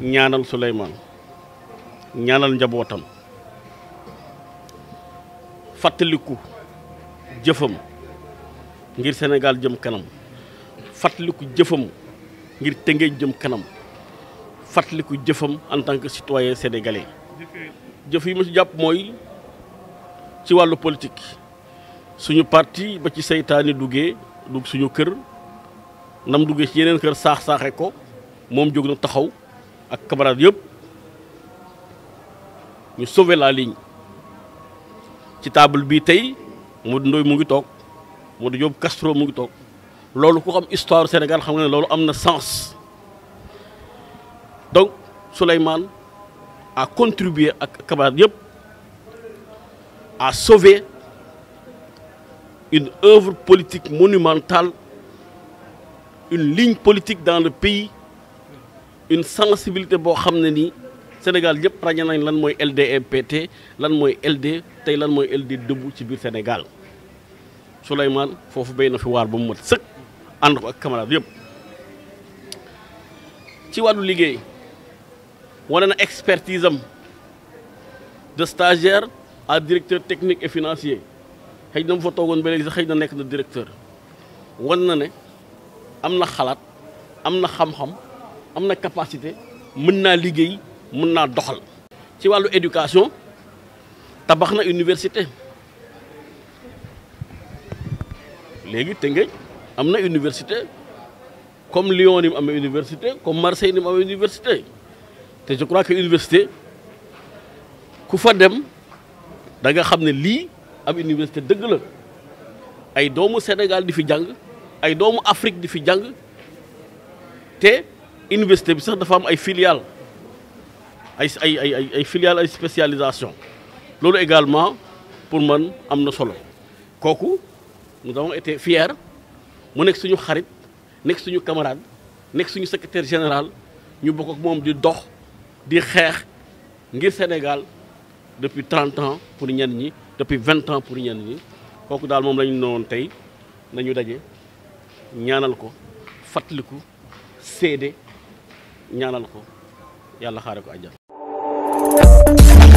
ñaanal Suleymaan ñaanal njabootam fàttaliku jëfam ngir Sénégal jëm kanam fàttaliku jëfam ngir Tëngéej jëm kanam fàttaliku jëfam en tant que citoyen sénégalais jëf yi ma ci jàpp mooy ci wàllu politique suñu parti ba ci seytaani duggee dugg suñu kër nam duggee ci yeneen kër saax saaxe ko moom jóg na taxaw ak camarade nous ñu sauver la ligne ci table peu tay Modou Ndoye mu ngi toog casse Castro mu ngi tok lolu ku xam histoire Sénégal xam nga lolu amna sens donc Soleiman a contribué à camarades à sauver une œuvre politique monumentale une ligne politique dans le pays une sensibilité bo xamné ni Sénégal yépp rañé nañ lan moy LDMPT lan moy LD tay lan moy LD debout ci biir Sénégal souleyman fofu béy fi war bu mu mat sëkk ko ak camarade yépp ci wàllu liggéey wane na expertise am de stagiaire à directeur technique et financier xëy na fa togon ba sax xëy na na directeur wonna né ne xalat amna xam-xam amna capacité mën naa liggéey mën doxal ci walu éducation tabaxna université légui Tëngéej am amna université comme Lyon ni université comme Marseille ni université té je crois que université ku fa dem da nga xamné li am université dëgg la ay doomu Sénégal di fi jang ay doomu Afrique di fi jang té université bi sax dafa am ay filiales ay ay ay ay filiales ay spécialisation loolu également pour man am na solo kooku nous avons été fiers mu nekk suñu xarit nekk suñu camarade nekk suñu secrétaire général ñu bokk ak moom di dox di xeex ngir Sénégal depuis 30 ans pour ñenn ñi depuis 20 ans pour ñenn ñi kooku daal moom la ñu noonu tey nañu daje ñaanal ko fàttaliku cédé ñaanal ko yàlla xaare ko àjjal